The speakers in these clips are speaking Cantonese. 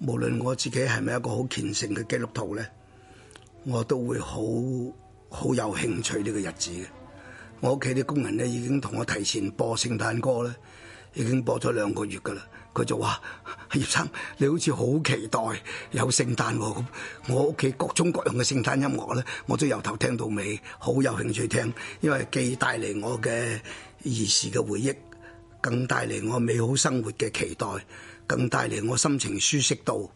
無論我自己係咪一個好虔誠嘅基督徒咧，我都會好好有興趣呢個日子嘅。我屋企啲工人咧已經同我提前播聖誕歌咧，已經播咗兩個月㗎啦。佢就話：葉生你好似好期待有聖誕喎。咁我屋企各種各樣嘅聖誕音樂咧，我都由頭聽到尾，好有興趣聽，因為既帶嚟我嘅兒時嘅回憶，更帶嚟我美好生活嘅期待。更帶嚟我心情舒適度，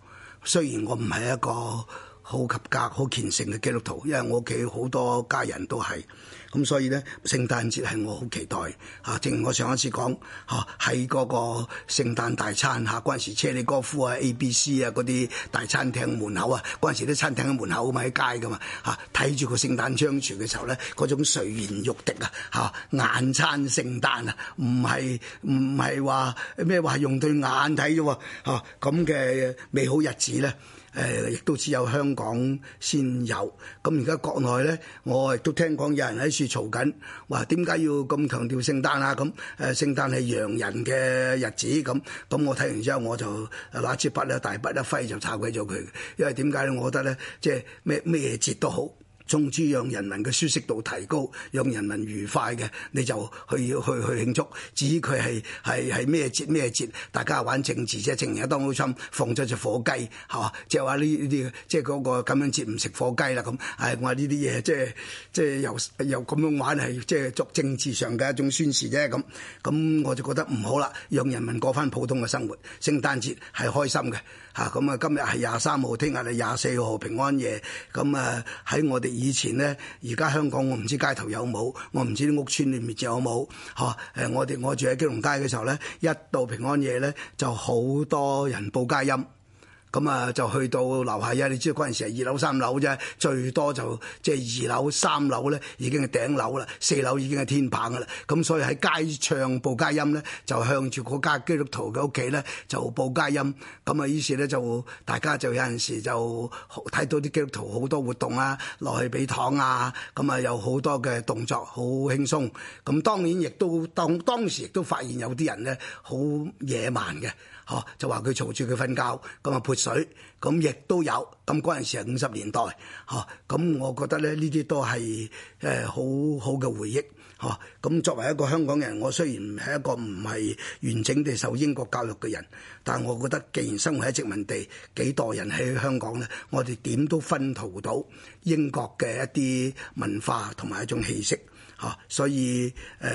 雖然我唔係一個好及格，好虔誠嘅基督徒，因為我屋企好多家人都係，咁所以咧聖誕節係我好期待嚇。正如我上一次講嚇，喺嗰個聖誕大餐嚇，嗰陣時車厘哥夫啊、ABC 啊嗰啲大餐廳門口啊，嗰陣時啲餐廳嘅門口咪喺街㗎嘛嚇，睇住個聖誕窗櫥嘅時候咧，嗰種垂涎欲滴啊嚇，眼餐聖誕啊，唔係唔係話咩話用對眼睇啫喎嚇，咁嘅美好日子咧。誒亦都只有香港先有，咁而家國內咧，我亦都聽講有人喺處嘈緊，話，點解要咁強調聖誕啊？咁誒聖誕係洋人嘅日子，咁咁我睇完之後我就拿支筆咧，大筆一揮就炒鬼咗佢，因為點解咧？我覺得咧，即係咩咩節都好。總之讓人民嘅舒適度提高，讓人民愉快嘅，你就去去去慶祝。至於佢係係係咩節咩節，大家玩政治啫，正日好心放咗隻火雞，嚇，即係話呢啲，即係、嗰、嗰個咁、嗰個、樣節唔食火雞啦咁。唉，我話呢啲嘢即係即係又又咁樣玩係即係作政治上嘅一種宣示啫咁。咁我就覺得唔好啦，讓人民過返普通嘅生活。聖誕節係開心嘅。嚇！咁啊，今日係廿三號，聽日係廿四號平安夜。咁啊，喺我哋以前咧，而家香港我唔知街頭有冇，我唔知啲屋村裏面仲有冇。嚇！誒，我哋我住喺基隆街嘅時候咧，一到平安夜咧，就好多人報佳音。咁啊，就去到樓下呀！你知道嗰陣時係二樓、三樓啫，最多就即係二樓、三樓咧，已經係頂樓啦，四樓已經係天棚噶啦。咁所以喺街唱報佳音咧，就向住嗰家基督徒嘅屋企咧，就報佳音。咁啊，於是咧就大家就有陣時就睇到啲基督徒好多活動啊，落去俾糖啊，咁啊有好多嘅動作，好輕鬆。咁當然亦都當當時亦都發現有啲人咧好野蠻嘅。嚇就話佢嘈住佢瞓覺，咁啊潑水，咁亦都有。咁嗰陣時係五十年代，嚇咁我覺得咧呢啲都係誒好好嘅回憶。嚇咁作為一個香港人，我雖然唔係一個唔係完整地受英國教育嘅人，但係我覺得既然生活喺殖民地幾代人喺香港咧，我哋點都薰陶到英國嘅一啲文化同埋一種氣息。啊，所以誒、呃，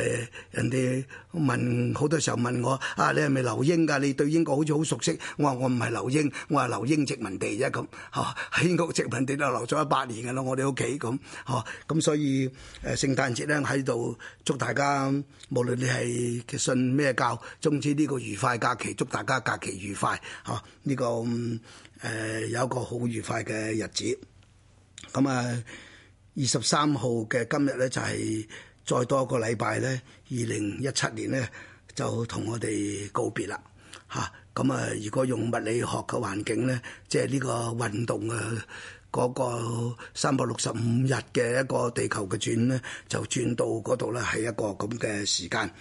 人哋問好多時候問我啊，你係咪留英㗎？你對英國好似好熟悉。我話我唔係留英，我係留英殖民地啫咁。嚇喺、啊、英國殖民地都留咗一百年㗎啦，我哋屋企咁。嚇咁、啊、所以誒、呃，聖誕節咧喺度祝大家，無論你係信咩教，總之呢個愉快假期，祝大家假期愉快。嚇、啊、呢、這個誒、呃、有一個好愉快嘅日子。咁啊～二十三號嘅今日咧，就係再多一個禮拜咧，二零一七年咧就同我哋告別啦嚇。咁啊，如果用物理學嘅環境咧，即係呢個運動啊，嗰個三百六十五日嘅一個地球嘅轉咧，就轉到嗰度咧，係一個咁嘅時間。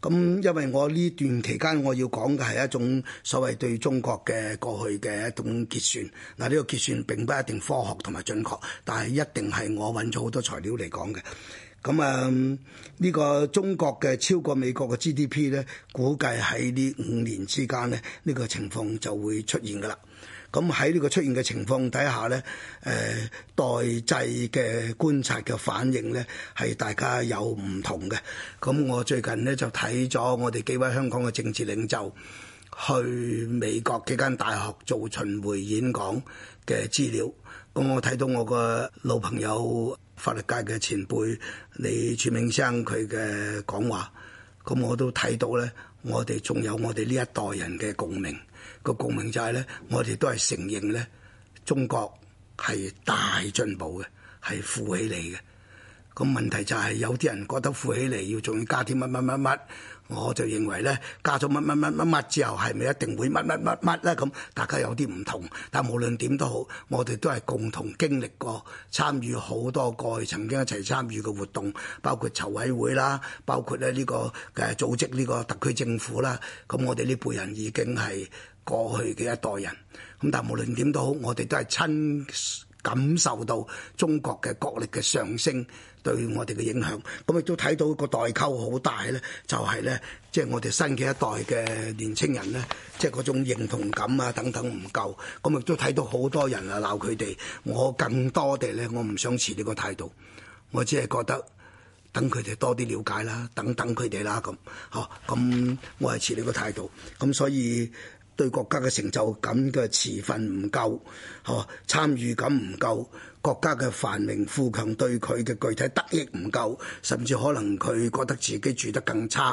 咁因為我呢段期間我要講嘅係一種所謂對中國嘅過去嘅一種結算，嗱，呢個結算並不一定科學同埋準確，但係一定係我揾咗好多材料嚟講嘅。咁啊，呢個中國嘅超過美國嘅 GDP 呢，估計喺呢五年之間呢，呢個情況就會出現㗎啦。咁喺呢個出現嘅情況底下咧，誒、呃、代際嘅觀察嘅反應咧，係大家有唔同嘅。咁我最近咧就睇咗我哋幾位香港嘅政治領袖去美國幾間大學做巡迴演講嘅資料。咁我睇到我個老朋友法律界嘅前輩李柱銘生佢嘅講話，咁我都睇到咧，我哋仲有我哋呢一代人嘅共鳴。個共鳴就係咧，我哋都係承認咧，中國係大進步嘅，係富起嚟嘅。咁問題就係有啲人覺得富起嚟要仲要加啲乜乜乜乜，我就認為咧，加咗乜乜乜乜乜之後，係咪一定會乜乜乜乜咧？咁大家有啲唔同，但無論點都好，我哋都係共同經歷過、參與好多過去曾經一齊參與嘅活動，包括籌委會啦，包括咧呢個誒組織呢個特區政府啦。咁我哋呢輩人已經係。過去嘅一代人，咁但係無論點都好，我哋都係親感受到中國嘅國力嘅上升對我哋嘅影響。咁亦都睇到個代溝好大咧，就係咧，即係我哋新嘅一代嘅年青人咧，即係嗰種認同感啊等等唔夠。咁亦都睇到好多人啊鬧佢哋，我更多地咧，我唔想持呢個態度，我只係覺得等佢哋多啲了解啦，等等佢哋啦咁，嗬，咁我係持呢個態度。咁所以。對國家嘅成就感嘅持份唔夠，吓，參與感唔夠，國家嘅繁榮富強對佢嘅具體得益唔夠，甚至可能佢覺得自己住得更差。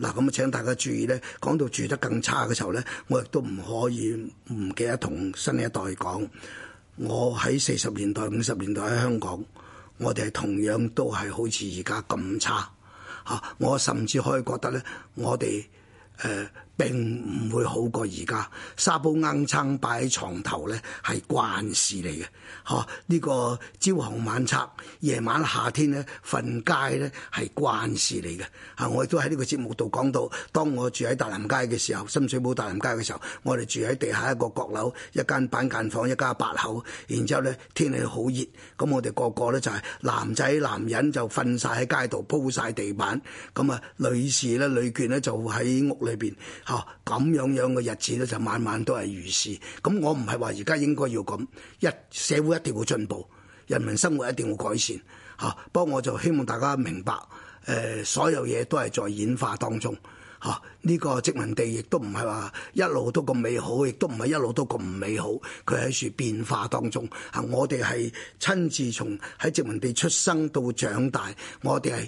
嗱，咁啊，請大家注意咧，講到住得更差嘅時候咧，我亦都唔可以唔記得同新一代講，我喺四十年代、五十年代喺香港，我哋係同樣都係好似而家咁差，吓，我甚至可以覺得咧，我哋誒。並唔會好過而家，沙煲罌罉擺喺床頭咧係慣事嚟嘅，嚇、啊、呢、呢個朝行晚拆，夜晚夏天咧瞓街咧係慣事嚟嘅。嚇，我亦都喺呢個節目度講到，當我住喺大南街嘅時候，深水埗大南街嘅時候，我哋住喺地下一個閣樓，一間板間房，一家八口，然之後咧天氣好熱，咁我哋個個咧就係男仔男人就瞓晒喺街度鋪晒地板，咁啊女士咧女眷咧就喺屋裏邊。嚇，咁樣樣嘅日子咧，就晚晚都係如是。咁我唔係話而家應該要咁，一社會一定會進步，人民生活一定會改善。嚇！不過我就希望大家明白，誒、呃、所有嘢都係在演化當中。呢、啊這個殖民地亦都唔係話一路都咁美好，亦都唔係一路都咁唔美好。佢喺處變化當中。嚇、啊！我哋係親自從喺殖民地出生到長大，我哋係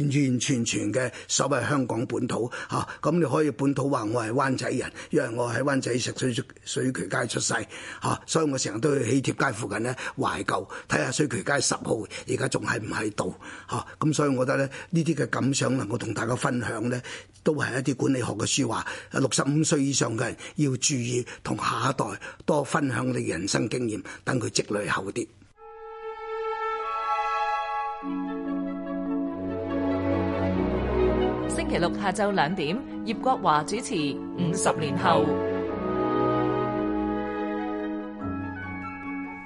完完全全嘅所謂香港本土吓，咁、啊、你可以本土話我係灣仔人，因為我喺灣仔石水水渠街出世吓、啊，所以我成日都去喜帖街附近咧懷舊睇下水渠街十號而家仲係唔喺度吓，咁、啊、所以，我覺得咧呢啲嘅感想能夠同大家分享咧，都係。一啲管理學嘅書話，六十五歲以上嘅人要注意，同下一代多分享你人生經驗，等佢積累厚啲。星期六下晝兩點，葉國華主持《五十年後》。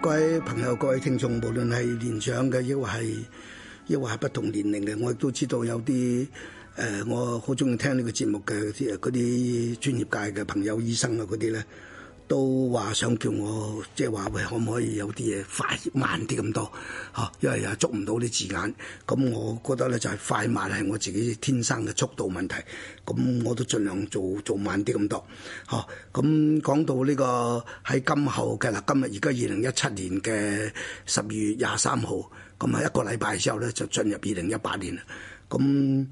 各位朋友、各位聽眾，無論係年長嘅，抑或係抑或係不同年齡嘅，我亦都知道有啲。誒、呃，我好中意聽呢個節目嘅啲嗰啲專業界嘅朋友、醫生啊嗰啲咧，都話想叫我即係話喂，可唔可以有啲嘢快慢啲咁多嚇？因為又捉唔到啲字眼，咁我覺得咧就係、是、快慢係我自己天生嘅速度問題，咁我都盡量做做慢啲咁多嚇。咁講到呢、這個喺今後嘅啦，今日而家二零一七年嘅十二月廿三號，咁啊一個禮拜之後咧就進入二零一八年啦，咁。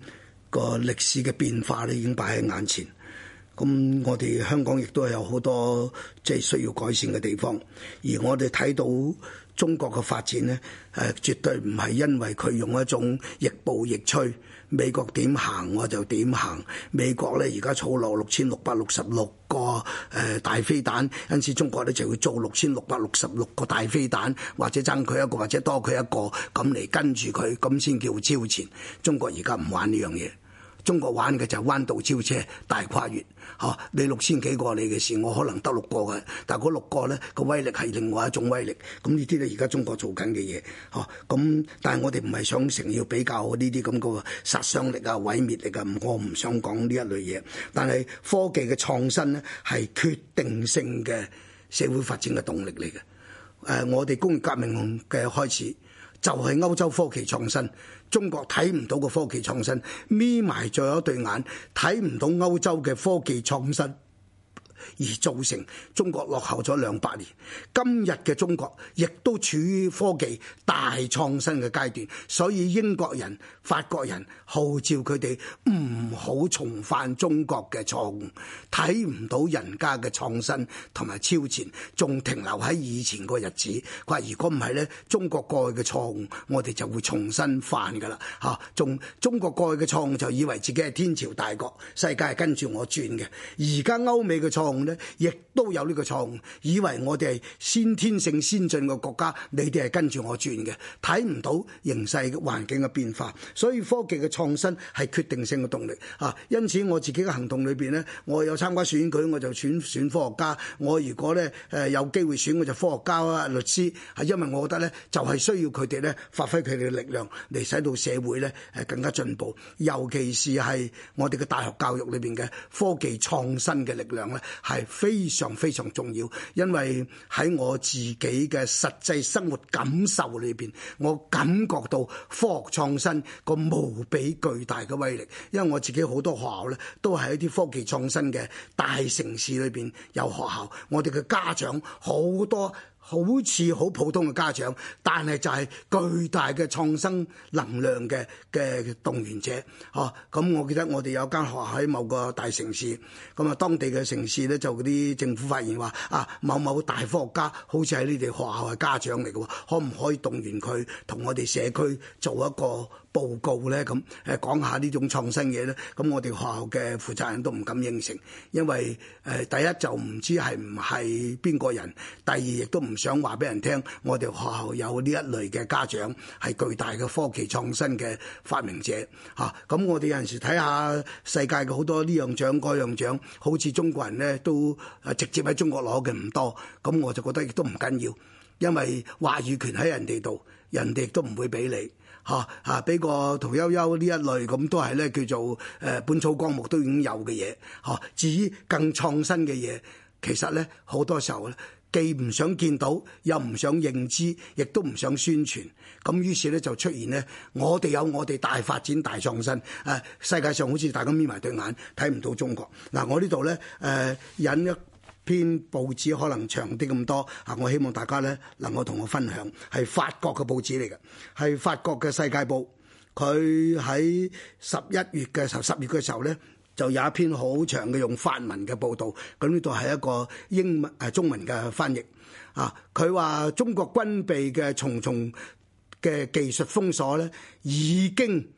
個歷史嘅變化咧已經擺喺眼前，咁我哋香港亦都有好多即係需要改善嘅地方，而我哋睇到中國嘅發展咧，誒絕對唔係因為佢用一種亦步亦趨，美國點行我就點行。美國咧而家儲落六千六百六十六個誒大飛彈，因此中國咧就要做六千六百六十六個大飛彈，或者爭佢一個，或者多佢一個，咁嚟跟住佢，咁先叫超前。中國而家唔玩呢樣嘢。中國玩嘅就係彎道超車、大跨越，嚇你六千幾個你嘅事，我可能得六個嘅，但係嗰六個咧個威力係另外一種威力。咁呢啲咧而家中國做緊嘅嘢，嚇咁。但係我哋唔係想成要比較呢啲咁個殺傷力啊、毀滅力啊，我唔想講呢一類嘢。但係科技嘅創新咧係決定性嘅社會發展嘅動力嚟嘅。誒、呃，我哋工業革命嘅開始。就係歐洲科技創新，中國睇唔到個科技創新，眯埋咗一對眼，睇唔到歐洲嘅科技創新。而造成中國落後咗兩百年。今日嘅中國亦都處於科技大創新嘅階段，所以英國人、法國人號召佢哋唔好重犯中國嘅錯誤。睇唔到人家嘅創新同埋超前，仲停留喺以前個日子。佢話如果唔係咧，中國過去嘅錯誤，我哋就會重新犯噶啦。吓，仲中國過去嘅錯誤就以為自己係天朝大國，世界係跟住我轉嘅。而家歐美嘅錯誤。咧，亦都有呢個錯誤，以為我哋係先天性先進嘅國家，你哋係跟住我轉嘅，睇唔到形勢環境嘅變化，所以科技嘅創新係決定性嘅動力。吓，因此我自己嘅行動裏邊咧，我有參加選舉，我就選選科學家。我如果咧誒有機會選，我就科學家啊、律師，係因為我覺得咧，就係需要佢哋咧發揮佢哋嘅力量嚟使到社會咧誒更加進步，尤其是係我哋嘅大學教育裏邊嘅科技創新嘅力量咧，係非常非常重要，因為喺我自己嘅實際生活感受裏邊，我感覺到科學創新個無比巨大嘅威力。因為我自己好多學校咧，都係一啲科技創新嘅大城市裏邊有學校，我哋嘅家長好多。好似好普通嘅家長，但係就係巨大嘅創新能量嘅嘅動員者，嚇咁。我記得我哋有間學校喺某個大城市，咁啊當地嘅城市呢，就嗰啲政府發現話啊某某大科學家好似係你哋學校嘅家長嚟嘅，可唔可以動員佢同我哋社區做一個報告咧，咁誒，講下呢種創新嘢咧，咁我哋學校嘅負責人都唔敢應承，因為誒，第一就唔知係唔係邊個人，第二亦都唔想話俾人聽，我哋學校有呢一類嘅家長係巨大嘅科技創新嘅發明者嚇。咁、啊、我哋有陣時睇下世界嘅好多呢樣獎嗰樣獎，好似中國人咧都誒，直接喺中國攞嘅唔多，咁我就覺得亦都唔緊要，因為話語權喺人哋度，人哋亦都唔會俾你。吓吓，俾、啊、個屠呦呦呢一類咁，都係咧叫做誒，本草綱目都已經有嘅嘢。吓、啊，至於更創新嘅嘢，其實咧好多時候咧，既唔想見到，又唔想認知，亦都唔想宣傳。咁於是咧就出現咧，我哋有我哋大發展、大創新。誒、啊，世界上好似大家眯埋對眼，睇唔到中國。嗱、啊，我呢度咧誒引一。篇報紙可能長啲咁多啊！我希望大家咧能夠同我分享，係法國嘅報紙嚟嘅，係法國嘅《世界報》。佢喺十一月嘅時候、十月嘅時候咧，就有一篇好長嘅用法文嘅報導。咁呢度係一個英文誒中文嘅翻譯啊。佢話中國軍備嘅重重嘅技術封鎖咧，已經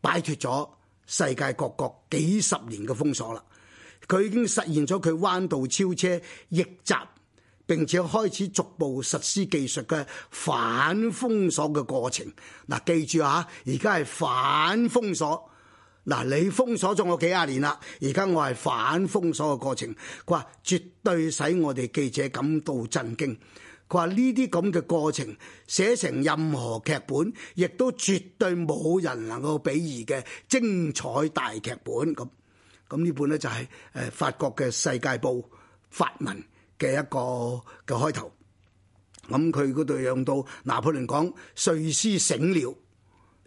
擺脱咗世界各國幾十年嘅封鎖啦。佢已經實現咗佢彎道超車逆襲，並且開始逐步實施技術嘅反封鎖嘅過程。嗱，記住啊，而家係反封鎖。嗱，你封鎖咗我幾廿年啦，而家我係反封鎖嘅過程。佢話絕對使我哋記者感到震驚。佢話呢啲咁嘅過程寫成任何劇本，亦都絕對冇人能夠比擬嘅精彩大劇本咁。咁呢本咧就係誒法國嘅《世界報》法文嘅一個嘅開頭。咁佢嗰度用到拿破崙講睡獅醒了，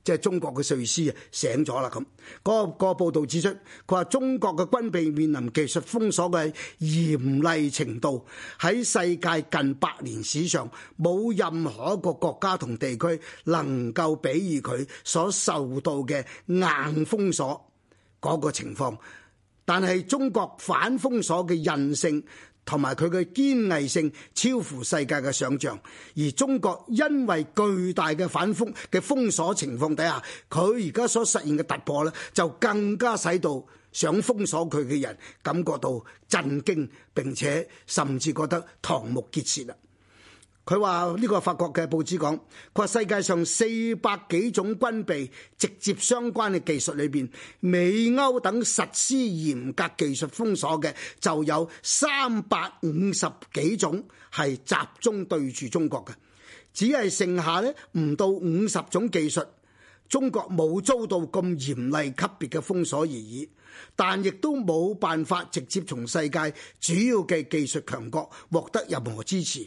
即係中國嘅睡獅醒咗啦。咁嗰個個報導指出，佢話中國嘅軍備面臨技術封鎖嘅嚴厲程度，喺世界近百年史上冇任何一個國家同地區能夠比喻佢所受到嘅硬封鎖嗰個情況。但係中國反封鎖嘅韌性同埋佢嘅堅毅性超乎世界嘅想象，而中國因為巨大嘅反封嘅封鎖情況底下，佢而家所實現嘅突破咧，就更加使到想封鎖佢嘅人感覺到震驚，並且甚至覺得瞠目結舌啦。佢話呢個法國嘅報紙講，佢話世界上四百幾種軍備直接相關嘅技術裏邊，美歐等實施嚴格技術封鎖嘅就有三百五十幾種係集中對住中國嘅，只係剩下咧唔到五十種技術，中國冇遭到咁嚴厲級別嘅封鎖而已，但亦都冇辦法直接從世界主要嘅技術強國獲得任何支持。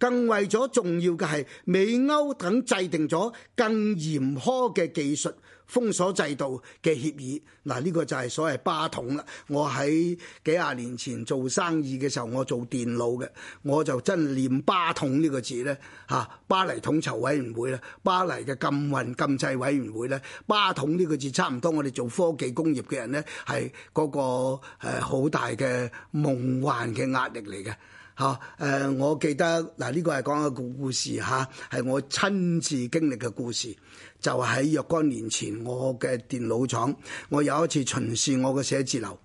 更為咗重要嘅係美歐等制定咗更嚴苛嘅技術封鎖制度嘅協議，嗱、這、呢個就係所謂巴統啦。我喺幾廿年前做生意嘅時候，我做電腦嘅，我就真係念巴統」呢個字咧嚇。巴黎統籌委員會咧，巴黎嘅禁運禁制委員會咧，巴統」呢個字差唔多，我哋做科技工業嘅人咧係嗰個誒好大嘅夢幻嘅壓力嚟嘅。嚇！誒，我記得嗱，呢個係講一個故事嚇，係我親自經歷嘅故事，就喺、是、若干年前，我嘅電腦廠，我有一次巡視我嘅寫字樓，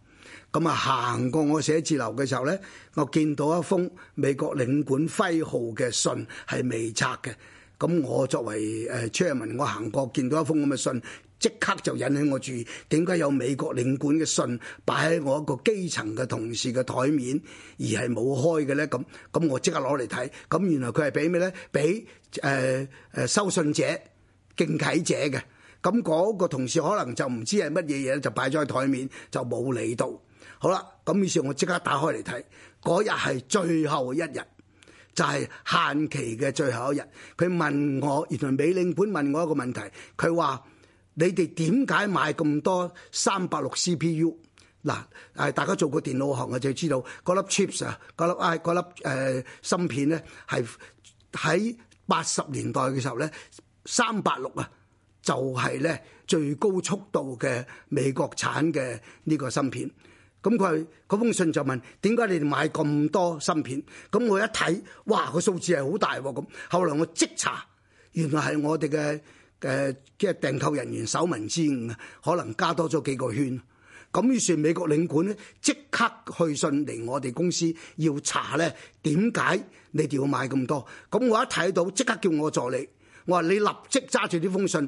咁啊行過我寫字樓嘅時候咧，我見到一封美國領館徽號嘅信係未拆嘅，咁我作為誒 Chairman，我行過見到一封咁嘅信。即刻就引起我注意，點解有美國領館嘅信擺喺我一個基層嘅同事嘅台面，而係冇開嘅咧？咁咁我即刻攞嚟睇，咁原來佢係俾咩咧？俾誒誒收信者敬啟者嘅，咁嗰個同事可能就唔知係乜嘢嘢咧，就擺咗喺台面，就冇理到。好啦，咁於是我即刻打開嚟睇，嗰日係最後一日，就係限期嘅最後一日。佢問我，原來美領館問我一個問題，佢話，你哋點解買咁多三八六 CPU？嗱，誒大家做過電腦行嘅就知道嗰粒 chips 啊，粒唉粒誒芯片咧，係喺八十年代嘅時候咧，三八六啊就係咧最高速度嘅美國產嘅呢個芯片。咁佢封信就問點解你哋買咁多芯片？咁我一睇，哇個數字係好大喎！咁後嚟我即查，原來係我哋嘅。誒即係訂購人員守文之誤，可能加多咗幾個圈咁，於是美國領館咧即刻去信嚟我哋公司，要查呢點解你哋要買咁多？咁我一睇到即刻叫我助理，我話你立即揸住呢封信，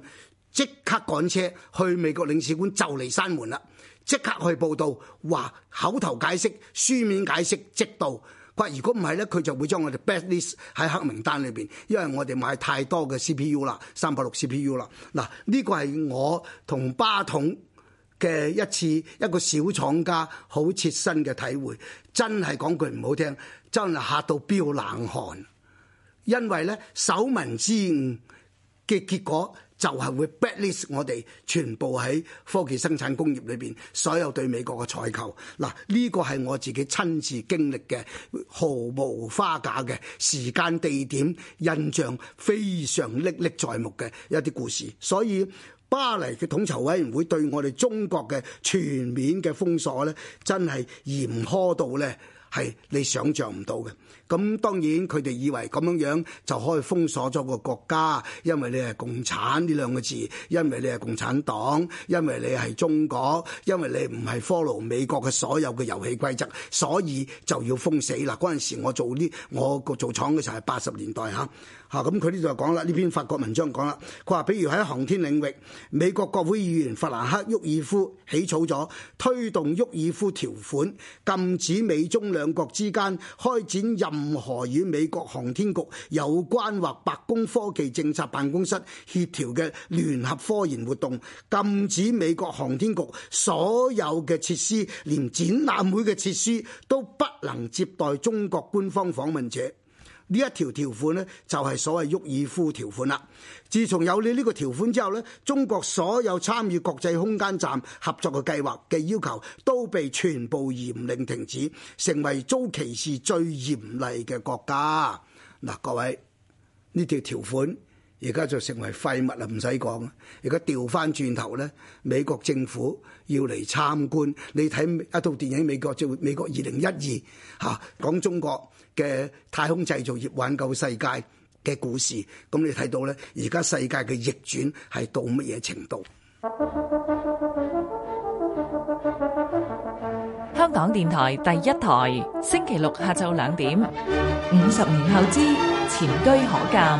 即刻趕車去美國領事館就嚟閂門啦，即刻去報道話口頭解釋、書面解釋即到。不，如果唔係咧，佢就會將我哋 bad list 喺黑名單裏邊，因為我哋買太多嘅 CPU 啦，三百六 CPU 啦。嗱，呢個係我同巴統嘅一次一個小廠家好切身嘅體會，真係講句唔好聽，真係嚇到飆冷汗，因為咧手民之誤嘅結果。就係會 backlist 我哋全部喺科技生產工業裏邊所有對美國嘅採購，嗱，呢個係我自己親自經歷嘅，毫無花假嘅，時間地點印象非常歷歷在目嘅一啲故事。所以巴黎嘅統籌委員會對我哋中國嘅全面嘅封鎖呢，真係嚴苛到呢，係你想像唔到嘅。咁當然佢哋以為咁樣樣就可以封鎖咗個國家，因為你係共產呢兩個字，因為你係共產黨，因為你係中國，因為你唔係 follow 美國嘅所有嘅遊戲規則，所以就要封死啦。嗰陣時我做啲我個做廠嘅時候係八十年代嚇。嚇，咁佢呢度就講啦，呢篇法國文章講啦，佢話，比如喺航天領域，美國國會議員弗蘭克沃爾夫起草咗推動沃爾夫條款，禁止美中兩國之間開展任何與美國航天局有關或白宮科技政策辦公室協調嘅聯合科研活動，禁止美國航天局所有嘅設施，連展覽會嘅設施都不能接待中國官方訪問者。呢一條條款呢，就係所謂沃爾夫條款啦。自從有你呢個條款之後呢，中國所有參與國際空間站合作嘅計劃嘅要求都被全部嚴令停止，成為遭歧視最嚴厲嘅國家。嗱，各位呢條條款而家就成為廢物啦，唔使講。而家調翻轉頭呢，美國政府要嚟參觀，你睇一套電影《美國最美國二零一二》嚇，講中國嘅太空製造業挽救世界嘅故事，咁你睇到咧，而家世界嘅逆轉係到乜嘢程度？香港電台第一台，星期六下晝兩點，五十年後之前車可鑑，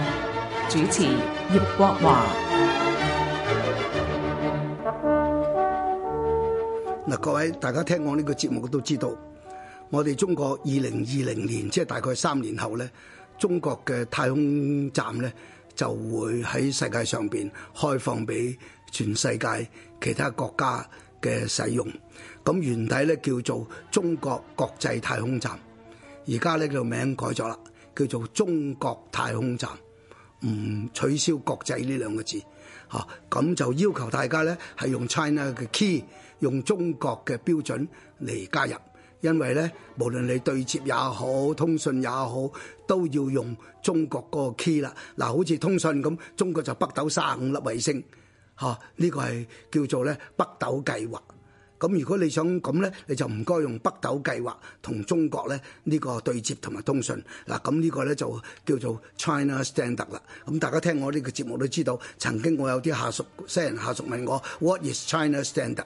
主持葉國華。嗱，各位大家聽我呢個節目都知道。我哋中國二零二零年，即係大概三年後咧，中國嘅太空站咧就會喺世界上邊開放俾全世界其他國家嘅使用。咁原底咧叫做中國國際太空站，而家咧個名改咗啦，叫做中國太空站，唔取消國際呢兩個字。吓，咁就要求大家咧係用 China 嘅 key，用中國嘅標準嚟加入。因為咧，無論你對接也好，通訊也好，都要用中國個 key 啦。嗱，好似通訊咁，中國就北斗三十五粒衛星，嚇，呢個係叫做咧北斗計劃。咁如果你想咁咧，你就唔該用北斗計劃同中國咧呢個對接同埋通訊。嗱，咁呢個咧就叫做 China Standard 啦。咁大家聽我呢個節目都知道，曾經我有啲下屬，西人下屬問我 What is China Standard？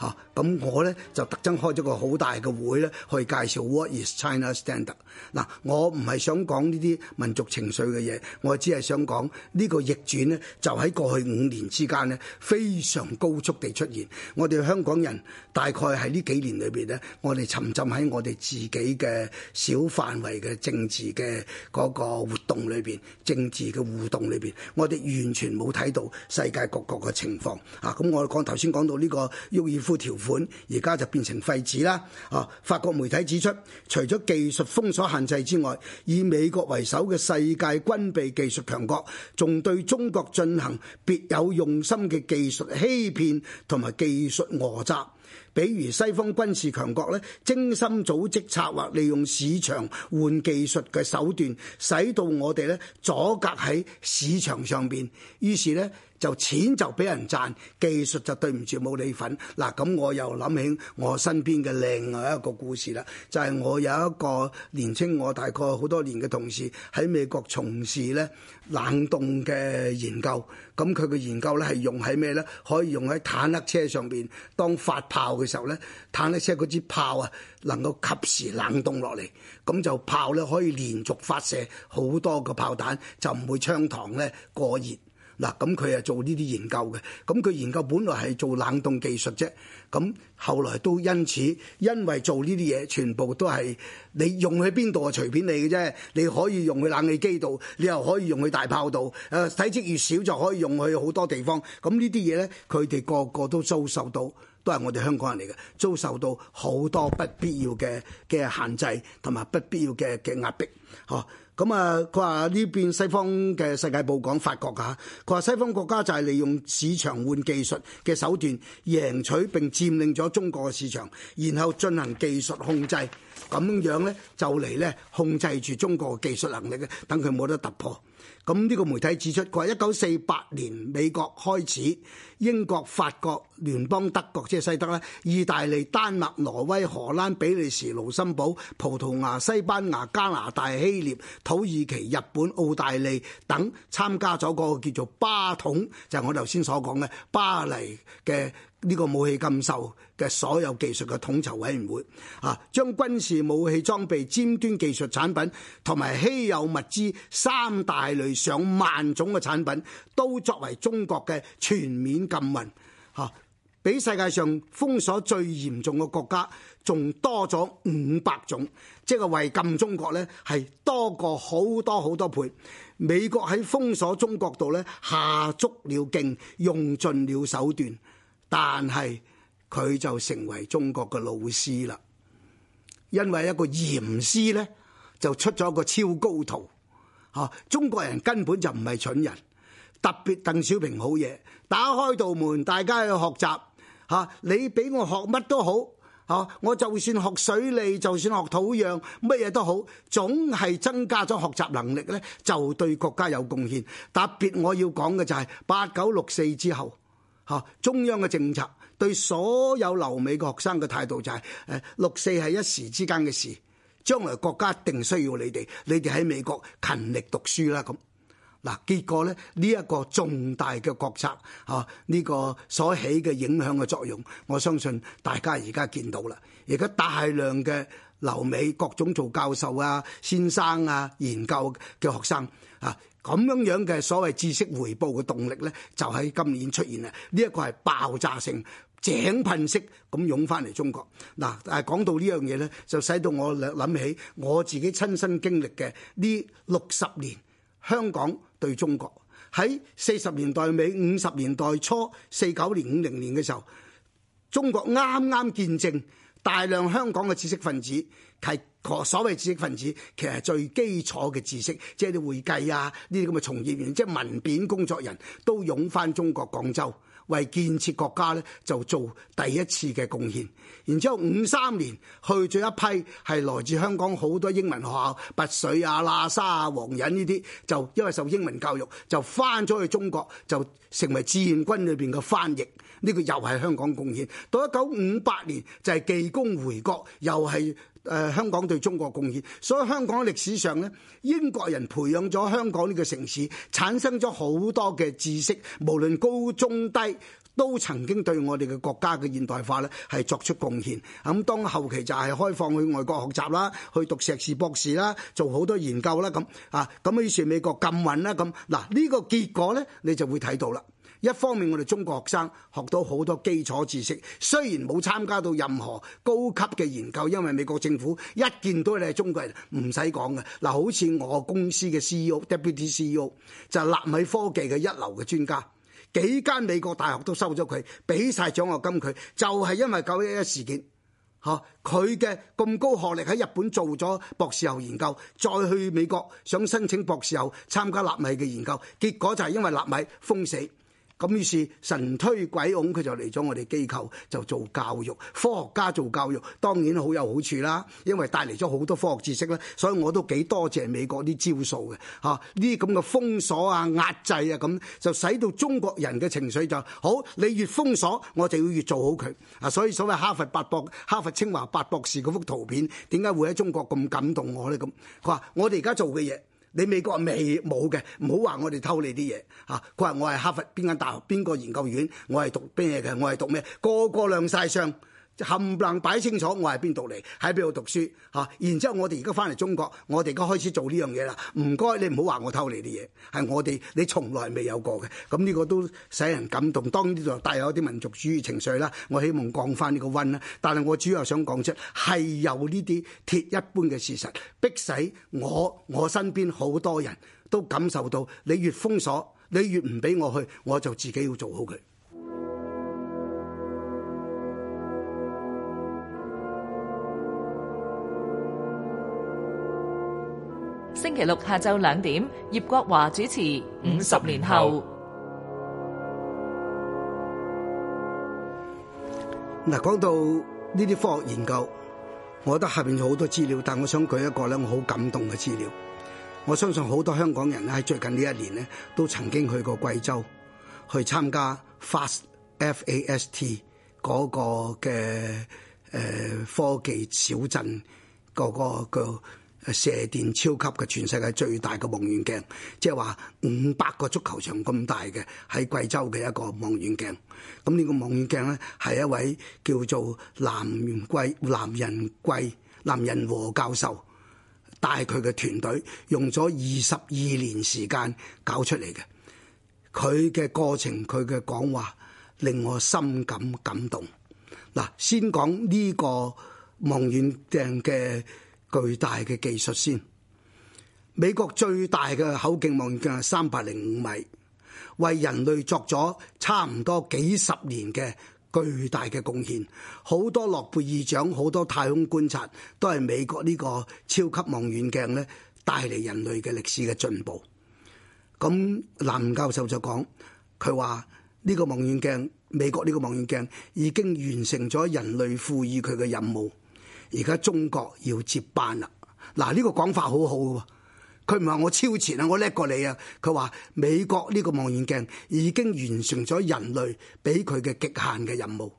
嚇。咁我咧就特登開咗個好大嘅會咧，去介紹 What is China Standard? 嗱，我唔係想講呢啲民族情緒嘅嘢，我只係想講呢個逆轉咧，就喺過去五年之間咧，非常高速地出現。我哋香港人大概喺呢幾年裏邊咧，我哋沉浸喺我哋自己嘅小範圍嘅政治嘅個活動裏邊、政治嘅互動裏邊，我哋完全冇睇到世界各國嘅情況啊，咁我講頭先講到呢個沃爾夫條款而家就變成廢紙啦！啊，法國媒體指出，除咗技術封鎖限制之外，以美國為首嘅世界軍備技術強國，仲對中國進行別有用心嘅技術欺騙同埋技術訛詐。比如西方軍事強國咧，精心組織策劃，利用市場換技術嘅手段，使到我哋咧阻隔喺市場上邊。於是咧。就錢就俾人賺，技術就對唔住冇你份。嗱，咁我又諗起我身邊嘅另外一個故事啦，就係我有一個年青，我大概好多年嘅同事喺美國從事咧冷凍嘅研究。咁佢嘅研究咧係用喺咩咧？可以用喺坦克車上邊當發炮嘅時候咧，坦克車嗰支炮啊，能夠及時冷凍落嚟，咁就炮咧可以連續發射好多個炮彈，就唔會槍膛咧過熱。嗱，咁佢啊做呢啲研究嘅，咁佢研究本來係做冷凍技術啫，咁後來都因此因為做呢啲嘢，全部都係你用去邊度啊，隨便你嘅啫，你可以用去冷氣機度，你又可以用去大炮度，誒體積越少就可以用去好多地方，咁呢啲嘢呢，佢哋個個都遭受到，都係我哋香港人嚟嘅，遭受到好多不必要嘅嘅限制同埋不必要嘅嘅壓迫，嚇。咁啊，佢話呢邊西方嘅世界報講法國啊，佢話西方國家就係利用市場換技術嘅手段，贏取並佔領咗中國嘅市場，然後進行技術控制。咁樣呢，就嚟咧控制住中國技術能力嘅，等佢冇得突破。咁呢個媒體指出佢話，一九四八年美國開始，英國、法國、聯邦德國即係西德啦，意大利、丹麥、挪威、荷蘭、比利時、盧森堡、葡萄牙、西班牙、加拿大、希臘、土耳其、日本、澳大利等參加咗個叫做巴統，就係、是、我頭先所講嘅巴黎嘅。呢個武器禁售嘅所有技術嘅統籌委員會啊，將軍事武器裝備、尖端技術產品同埋稀有物資三大類上萬種嘅產品，都作為中國嘅全面禁運吓，比世界上封鎖最嚴重嘅國家仲多咗五百種，即係為禁中國呢係多過好多好多倍。美國喺封鎖中國度呢，下足了勁，用盡了手段。但係佢就成為中國嘅老師啦，因為一個嚴師呢，就出咗個超高徒。吓、啊，中國人根本就唔係蠢人，特別鄧小平好嘢，打開道門，大家去學習。吓、啊，你俾我學乜都好，吓、啊，我就算學水利，就算學土壤，乜嘢都好，總係增加咗學習能力呢，就對國家有貢獻。特別我要講嘅就係八九六四之後。嚇，中央嘅政策對所有留美嘅學生嘅態度就係、是、誒，六四係一時之間嘅事，將來國家一定需要你哋，你哋喺美國勤力讀書啦咁。嗱，結果咧呢一、這個重大嘅國策嚇、呢、這個所起嘅影響嘅作用，我相信大家而家見到啦，而家大量嘅。留美各種做教授啊、先生啊、研究嘅學生啊，咁樣樣嘅所謂知識回報嘅動力咧，就喺今年出現啦。呢一個係爆炸性井噴式咁湧翻嚟中國。嗱，但係講到呢樣嘢咧，就使到我略諗起我自己親身經歷嘅呢六十年香港對中國喺四十年代尾、五十年代初、四九年、五零年嘅時候，中國啱啱見證。大量香港嘅知識分子係所謂知識分子，其實最基礎嘅知識，即係啲會計啊，呢啲咁嘅從業員，即係文編工作人，都湧翻中國廣州，為建設國家呢，就做第一次嘅貢獻。然之後五三年去咗一批係來自香港好多英文學校，拔萃啊、喇沙啊、皇仁呢啲，就因為受英文教育，就翻咗去中國，就成為志願軍裏邊嘅翻譯。呢個又係香港貢獻。到一九五八年就係技工回國，又係誒香港對中國貢獻。所以香港歷史上呢，英國人培養咗香港呢個城市，產生咗好多嘅知識，無論高中低，都曾經對我哋嘅國家嘅現代化呢係作出貢獻。咁當後期就係開放去外國學習啦，去讀碩士博士啦，做好多研究啦咁啊，咁於是美國禁運啦咁。嗱呢個結果呢，你就會睇到啦。一方面，我哋中國學生學到好多基礎知識，雖然冇參加到任何高級嘅研究，因為美國政府一見到你係中國人，唔使講嘅嗱。好似我公司嘅 C E O W T C E O 就係納米科技嘅一流嘅專家，幾間美國大學都收咗佢，俾晒獎學金佢，就係因為九一一事件嚇佢嘅，咁高學歷喺日本做咗博士後研究，再去美國想申請博士後參加納米嘅研究，結果就係因為納米封死。咁於是神推鬼拱，佢就嚟咗我哋機構，就做教育，科學家做教育，當然好有好處啦。因為帶嚟咗好多科學知識啦。所以我都幾多謝美國啲招數嘅嚇。呢啲咁嘅封鎖啊、壓制啊，咁就使到中國人嘅情緒就好。你越封鎖，我就要越做好佢啊。所以所謂哈佛八博、哈佛清華八博士嗰幅圖片，點解會喺中國咁感動我呢？咁佢話：我哋而家做嘅嘢。你美國未冇嘅，唔好話我哋偷你啲嘢嚇。佢、啊、話我係哈佛邊間大學、邊個研究院，我係讀咩嘅，我係讀咩，個個亮晒相。冚唪唥擺清楚我，我喺邊度嚟，喺邊度讀書嚇、啊。然之後我哋而家翻嚟中國，我哋而家開始做呢樣嘢啦。唔該，你唔好話我偷你啲嘢，係我哋你從來未有過嘅。咁、嗯、呢、呢個都使人感動。當然呢度帶有一啲民族主義情緒啦。我希望降翻呢個温啦。但係我主要想講出係有呢啲鐵一般嘅事實，逼使我我身邊好多人都感受到你，你越封鎖，你越唔俾我去，我就自己要做好佢。星期六下晝兩點，葉國華主持《五十年後》。嗱，講到呢啲科學研究，我覺得下邊有好多資料，但我想舉一個咧，我好感動嘅資料。我相信好多香港人喺最近呢一年咧，都曾經去過貴州去參加 FAST、FAST 嗰個嘅誒科技小鎮嗰個嘅射電超級嘅全世界最大嘅望遠鏡，即係話五百個足球場咁大嘅，喺貴州嘅一個望遠鏡。咁呢個望遠鏡呢，係一位叫做南桂南仁桂南仁和教授，帶佢嘅團隊用咗二十二年時間搞出嚟嘅。佢嘅過程，佢嘅講話令我深感感動。嗱，先講呢個望遠鏡嘅。巨大嘅技術先，美國最大嘅口徑望遠鏡係三百零五米，為人類作咗差唔多幾十年嘅巨大嘅貢獻。好多諾貝爾獎，好多太空觀察都係美國呢個超級望遠鏡咧帶嚟人類嘅歷史嘅進步。咁林教授就講，佢話呢個望遠鏡，美國呢個望遠鏡已經完成咗人類賦予佢嘅任務。而家中國要接班啦！嗱，呢個講法好好喎，佢唔係我超前啊，我叻過你啊！佢話美國呢個望遠鏡已經完成咗人類俾佢嘅極限嘅任務，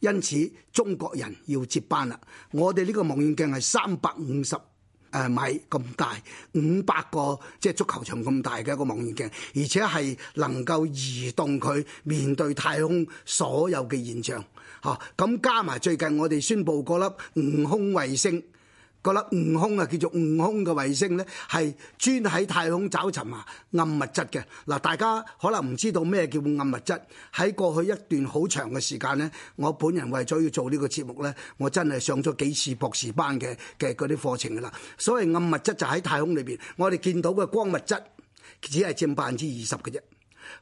因此中國人要接班啦！我哋呢個望遠鏡係三百五十誒米咁大，五百個即係足球場咁大嘅一個望遠鏡，而且係能夠移動佢面對太空所有嘅現象。嚇！咁、啊、加埋最近我哋宣布個粒悟空衛星，個粒悟空啊叫做悟空嘅衛星咧，係專喺太空找尋啊暗物質嘅。嗱，大家可能唔知道咩叫暗物質，喺過去一段好長嘅時間咧，我本人為咗要做呢個節目咧，我真係上咗幾次博士班嘅嘅嗰啲課程噶啦。所謂暗物質就喺太空裏邊，我哋見到嘅光物質只係佔百分之二十嘅啫。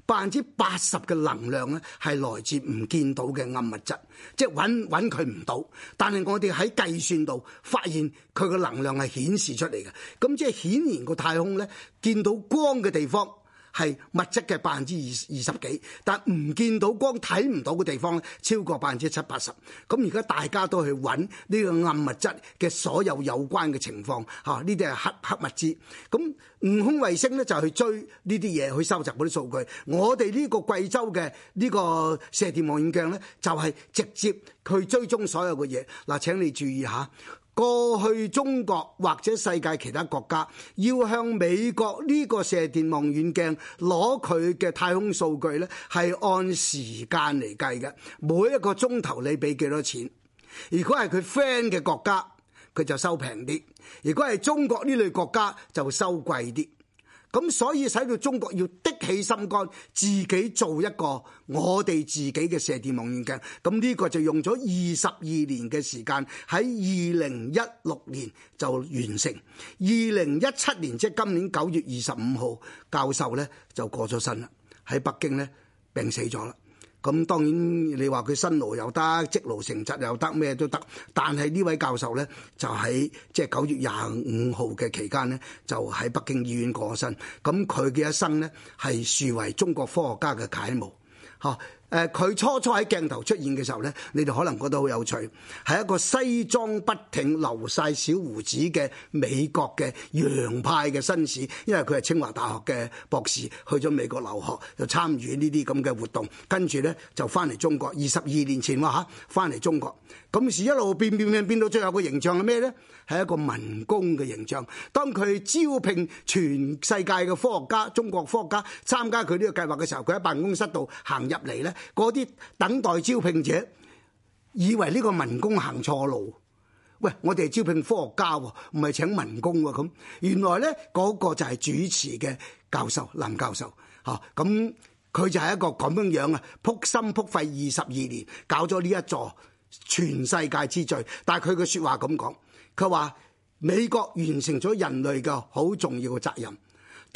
百分之八十嘅能量咧，係來自唔見到嘅暗物質，即係揾揾佢唔到。但係我哋喺計算度發現，佢嘅能量係顯示出嚟嘅，咁即係顯然個太空咧，見到光嘅地方，係物質嘅百分之二二十幾，但唔見到光睇唔到嘅地方咧，超過百分之七八十。咁而家大家都去揾呢個暗物質嘅所有有關嘅情況，嚇呢啲係黑黑物質。咁悟空衛星咧就係、去追呢啲嘢去收集嗰啲數據。我哋呢個貴州嘅呢個射電望遠鏡咧，就係、係、直接去追蹤所有嘅嘢。嗱，請你注意嚇。過去中國或者世界其他國家要向美國呢個射電望遠鏡攞佢嘅太空數據呢，係按時間嚟計嘅，每一個鐘頭你俾幾多錢？如果係佢 friend 嘅國家，佢就收平啲；如果係中國呢類國家，就收貴啲。咁所以使到中國要的起心肝，自己做一個我哋自己嘅射電望遠鏡。咁呢個就用咗二十二年嘅時間，喺二零一六年就完成。二零一七年即係今年九月二十五號，教授呢就過咗身啦，喺北京呢，病死咗啦。咁當然你話佢辛勞又得，積勞成疾又得，咩都得。但係呢位教授呢，就喺即係九月廿五號嘅期間呢，就喺北京醫院過身。咁佢嘅一生呢，係視為中國科學家嘅楷模，嚇。誒佢初初喺鏡頭出現嘅時候呢，你哋可能覺得好有趣，係一個西裝筆挺留晒小鬍子嘅美國嘅洋派嘅紳士，因為佢係清華大學嘅博士，去咗美國留學，就參與呢啲咁嘅活動，跟住呢，就翻嚟中國，二十二年前喎嚇，翻嚟中國，咁時一路變變變，變變變變到最後個形象係咩呢？係一個民工嘅形象。當佢招聘全世界嘅科學家、中國科學家參加佢呢個計劃嘅時候，佢喺辦公室度行入嚟呢。嗰啲等待招聘者以為呢個民工行錯路，喂！我哋招聘科學家，唔係請民工喎。咁原來咧，嗰個就係主持嘅教授林教授吓，咁、哦、佢、嗯、就係一個咁樣樣啊，撲心撲肺二十二年搞咗呢一座全世界之最。但係佢嘅說話咁講，佢話美國完成咗人類嘅好重要嘅責任。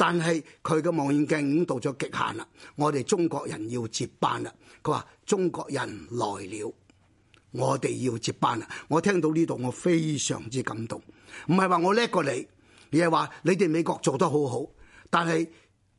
但係佢嘅望遠鏡已經到咗極限啦，我哋中國人要接班啦。佢話：中國人來了，我哋要接班啦。我聽到呢度，我非常之感動。唔係話我叻過你，而係話你哋美國做得好好，但係。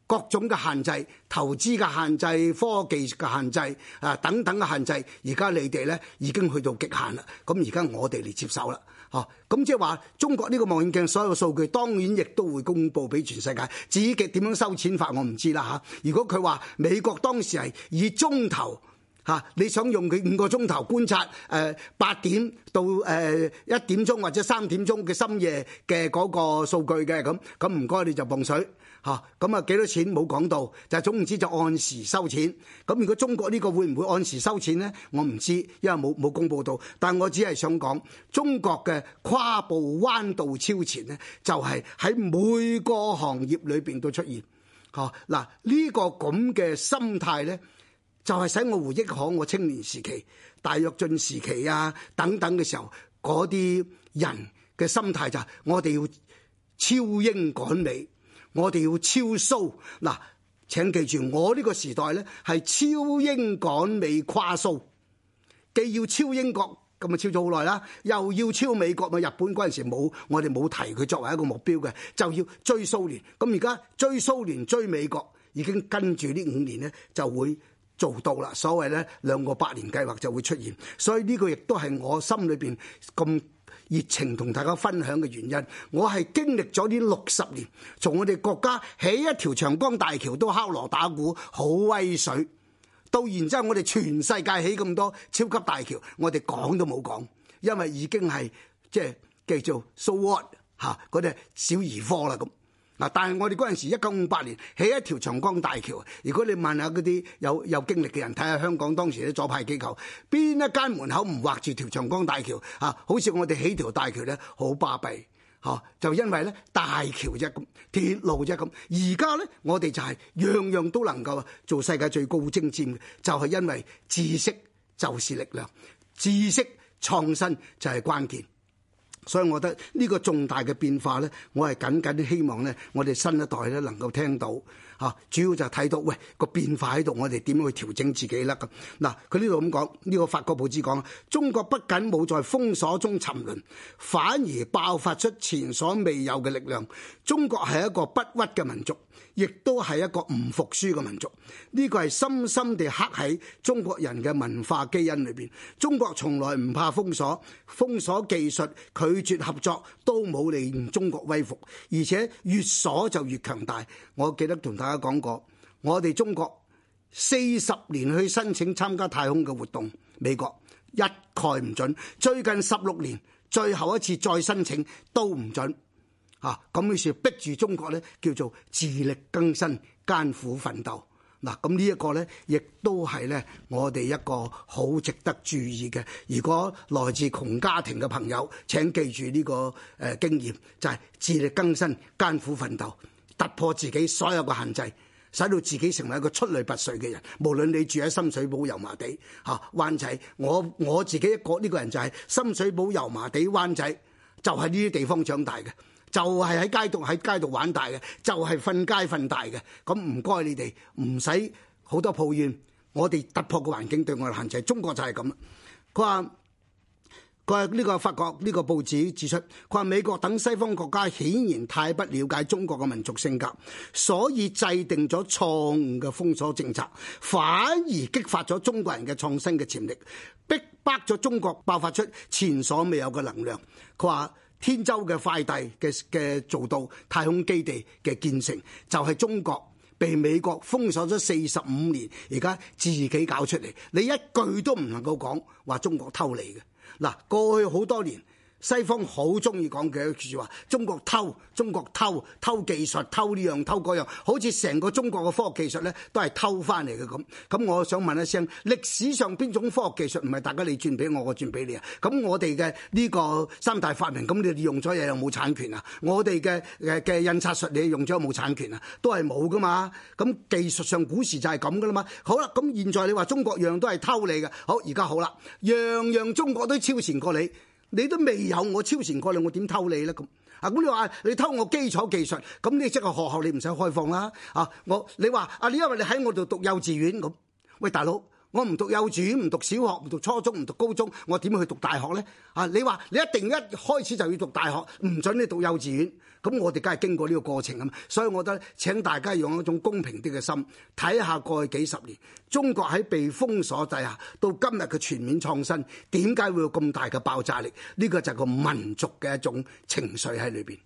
各種嘅限制、投資嘅限制、科技嘅限制啊等等嘅限制，而家你哋咧已經去到極限啦。咁而家我哋嚟接受啦。哦，咁即係話中國呢個望遠鏡所有嘅數據，當然亦都會公佈俾全世界。至於佢點樣收錢法，我唔知啦嚇。如果佢話美國當時係以鐘頭嚇，你想用佢五個鐘頭觀察誒八點到誒一點鐘或者三點鐘嘅深夜嘅嗰個數據嘅咁，咁唔該你就放水。嚇咁啊！幾多錢冇講到，總就總唔知就按時收錢。咁如果中國呢個會唔會按時收錢呢？我唔知，因為冇冇公佈到。但我只係想講中國嘅跨步彎道超前呢就係喺每個行業裏邊都出現。嚇，嗱呢個咁嘅心態呢，就係使我回憶好我青年時期大躍進時期啊等等嘅時候嗰啲人嘅心態，就係「我哋要超英趕美。」我哋要超蘇嗱，請記住，我呢個時代呢係超英趕美跨蘇，既要超英國咁啊超咗好耐啦，又要超美國，咪日本嗰陣時冇，我哋冇提佢作為一個目標嘅，就要追蘇聯。咁而家追蘇聯、追美國已經跟住呢五年呢就會做到啦。所謂呢兩個八年計劃就會出現，所以呢個亦都係我心裏邊咁。熱情同大家分享嘅原因，我係經歷咗呢六十年，從我哋國家起一條長江大橋都敲鑼打鼓，好威水，到然之後我哋全世界起咁多超級大橋，我哋講都冇講，因為已經係即係叫做 so what 嚇嗰隻小兒科啦咁。但係我哋嗰陣時一九五八年起一條長江大橋。如果你問下嗰啲有有經歷嘅人，睇下香港當時啲左派機構邊一間門口唔畫住條長江大橋？嚇！好似我哋起條大橋咧，好巴閉嚇。就因為咧，大橋啫，咁鐵路啫，咁而家咧，我哋就係樣樣都能夠做世界最高精尖嘅，就係、是、因為知識就是力量，知識創新就係關鍵。所以我覺得呢個重大嘅變化呢，我係緊緊希望呢，我哋新一代咧能夠聽到嚇，主要就睇到喂個變化喺度，我哋點樣去調整自己啦？咁。嗱，佢呢度咁講，呢個法國報紙講，中國不僅冇在封鎖中沉淪，反而爆發出前所未有嘅力量。中國係一個不屈嘅民族。亦都係一個唔服輸嘅民族，呢個係深深地刻喺中國人嘅文化基因裏邊。中國從來唔怕封鎖，封鎖技術、拒絕合作都冇令中國威服，而且越鎖就越強大。我記得同大家講過，我哋中國四十年去申請參加太空嘅活動，美國一概唔准。最近十六年，最後一次再申請都唔准。啊！咁於是逼住中國咧，叫做自力更生、艱苦奮鬥嗱。咁呢一個咧，亦都係咧，我哋一個好值得注意嘅。如果來自窮家庭嘅朋友，請記住呢個誒經驗，就係自力更生、艱苦奮鬥，突破自己所有嘅限制，使到自己成為一個出類拔萃嘅人。無論你住喺深水埗油麻地嚇灣仔，我我自己一個呢個人就係深水埗油麻地灣仔，就係呢啲地方長大嘅。就係喺街度，喺街度玩大嘅，就係瞓街瞓大嘅。咁唔該你哋，唔使好多抱怨。我哋突破個環境對我嘅限制，中國就係咁。佢話佢話，呢個法國呢個報紙指出，佢話美國等西方國家顯然太不了解中國嘅民族性格，所以制定咗錯誤嘅封鎖政策，反而激發咗中國人嘅創新嘅潛力，逼迫咗中國爆發出前所未有嘅能量。佢話。天舟嘅快遞嘅嘅做到太空基地嘅建成，就係中國被美國封鎖咗四十五年，而家自己搞出嚟，你一句都唔能夠講話中國偷嚟嘅。嗱，過去好多年。西方好中意講嘅一句話，中國偷，中國偷，偷技術，偷呢樣偷嗰樣，好似成個中國嘅科學技術呢都係偷翻嚟嘅咁。咁我想問一聲，歷史上邊種科學技術唔係大家你轉俾我，我轉俾你啊？咁我哋嘅呢個三大發明，咁你用咗嘢有冇產權啊？我哋嘅嘅印刷術，你用咗有冇產權啊？都係冇噶嘛。咁技術上古時就係咁噶啦嘛。好啦，咁現在你話中國樣都係偷你嘅。好，而家好啦，樣樣中國都超前過你。你都未有我超前過你，我點偷你咧？咁啊，咁你話你偷我基礎技術，咁你即係學校你唔使開放啦。啊，我你話啊，你因為你喺我度讀幼稚園咁，喂，大佬。我唔讀幼稚園，唔讀小學，唔讀初中，唔讀高中，我點去讀大學呢？啊，你話你一定一開始就要讀大學，唔准你讀幼稚園，咁我哋梗係經過呢個過程咁。所以我覺得，請大家用一種公平啲嘅心睇下過去幾十年，中國喺被封鎖底下到今日嘅全面創新，點解會有咁大嘅爆炸力？呢個就係個民族嘅一種情緒喺裏邊。